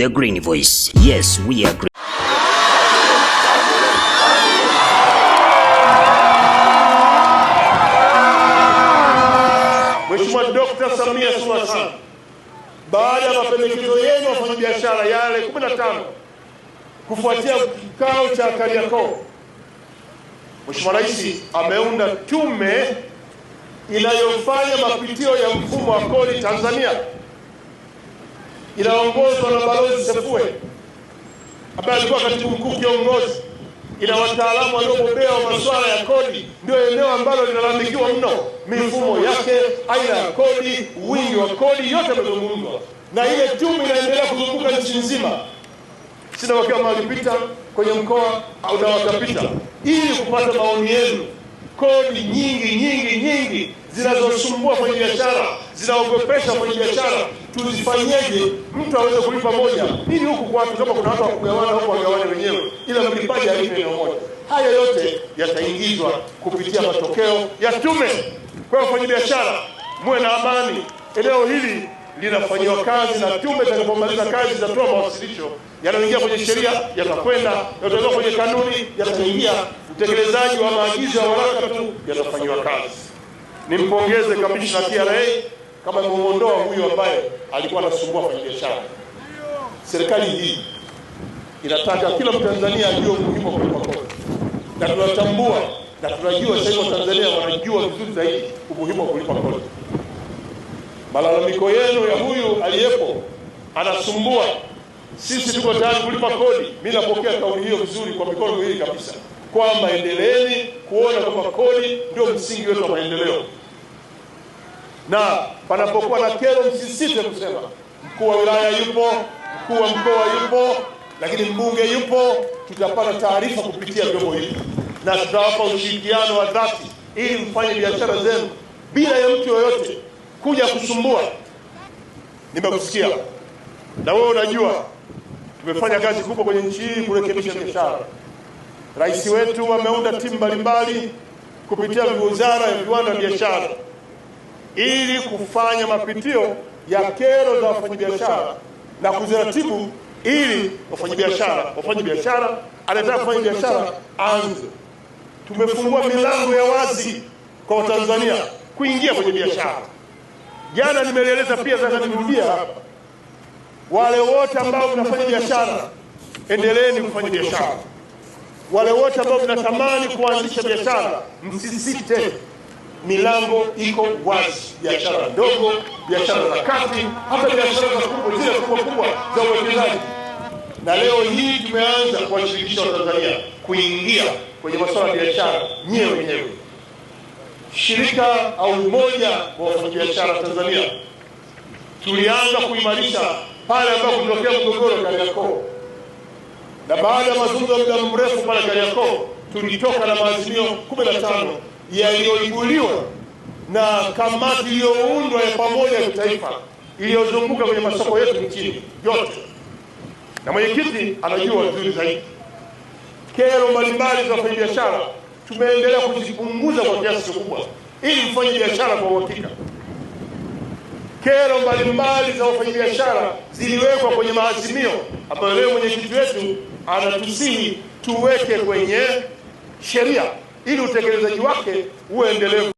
The Green Voice. Yes, we are green. Mheshimiwa Dr. Samia Suluhu Hassan, baada ya mapendekezo yenu wafanyabiashara yale 15 kufuatia kikao cha Kariakoo, Mheshimiwa Rais ameunda tume inayofanya mapitio ya mfumo wa kodi Tanzania inaongozwa na Balozi Sefue ambaye alikuwa katibu mkuu kiongozi, ina wataalamu waliobobea wa masuala ya kodi. Ndio eneo ambalo linalalamikiwa mno, mifumo yake, aina ya kodi, wingi wa kodi, yote yamezungumzwa, na ile tume inaendelea kuzunguka nchi nzima sina wakiwa malipita kwenye mkoa na wakapita, ili kupata maoni yenu. Kodi nyingi nyingi nyingi zinazosumbua kwenye biashara, zinaogopesha kwenye biashara, tulifanyeje mtu aweze kulipa moja ili huku kwatu kama kuna watu wakugawana huku wagawane wenyewe ila mlipaji alipe eneo moja haya yote yataingizwa kupitia matokeo ya tume kwa biashara muwe na amani eneo hili linafanyiwa kazi na tume itakapomaliza kazi itatoa mawasilisho yanayoingia kwenye sheria yatakwenda yatatoka kwenye kanuni yataingia utekelezaji wa maagizo ya waraka tu yatafanyiwa kazi nimpongeze kamishna TRA kama imemuondoa huyu ambaye alikuwa anasumbua biashara Serikali hii inataka kila Mtanzania ajue umuhimu wa kulipa kodi, na tunatambua na tunajua sasa hivi Watanzania wanajua vizuri zaidi umuhimu wa kulipa kodi. Malalamiko yenu ya huyu aliyepo anasumbua, sisi tuko tayari kulipa kodi. Mimi napokea kauli hiyo vizuri kwa mikono miwili kabisa, kwamba endeleeni kuona kwamba kodi ndio msingi wetu wa maendeleo na panapokuwa na kero msisite kusema, mkuu wa wilaya yupo, mkuu wa mkoa yupo, lakini mbunge yupo. Tutapata taarifa kupitia vyombo hivi na tutawapa ushirikiano wa dhati ili mfanye biashara zenu bila ya mtu yoyote kuja kusumbua. Nimekusikia na wewe unajua tumefanya kazi kubwa kwenye nchi hii kurekebisha biashara. Rais wetu ameunda timu mbalimbali kupitia wizara ya viwanda na biashara ili kufanya mapitio ya kero za wafanyabiashara na kuziratibu ili wafanyabiashara wafanye biashara, anataka kufanya biashara anze Tumefungua milango ya wazi kwa Watanzania kuingia kwenye biashara. Jana nimelieleza pia, sasa nirudia hapa, wale wote ambao mnafanya biashara, endeleeni kufanya biashara. Wale wote ambao mnatamani kuanzisha biashara, msisite milango iko wazi, biashara ndogo, biashara za kati, hata biashara za kubwa, zile kubwa kubwa za uwekezaji. Na leo hii tumeanza kuwashirikisha Watanzania kuingia kwenye masuala ya biashara nyewe wenyewe. Shirika au umoja wa wafanyabiashara Tanzania tulianza kuimarisha pale ambapo kulitokea mgogoro Kariakoo, na baada ya mazungumzo ya muda mrefu pale Kariakoo tulitoka na maazimio kumi na tano yaliyoibuliwa na kamati iliyoundwa ya pamoja ya kitaifa iliyozunguka kwenye masoko yetu nchini yote, na mwenyekiti anajua vizuri zaidi kero mbalimbali za wafanyabiashara. Tumeendelea kuzipunguza kwa kiasi kikubwa ili mfanye biashara kwa uhakika. Kero mbalimbali za wafanyabiashara ziliwekwa kwenye maazimio ambayo leo mwenyekiti wetu anatusihi tuweke kwenye sheria ili utekelezaji wake uwe endelevu.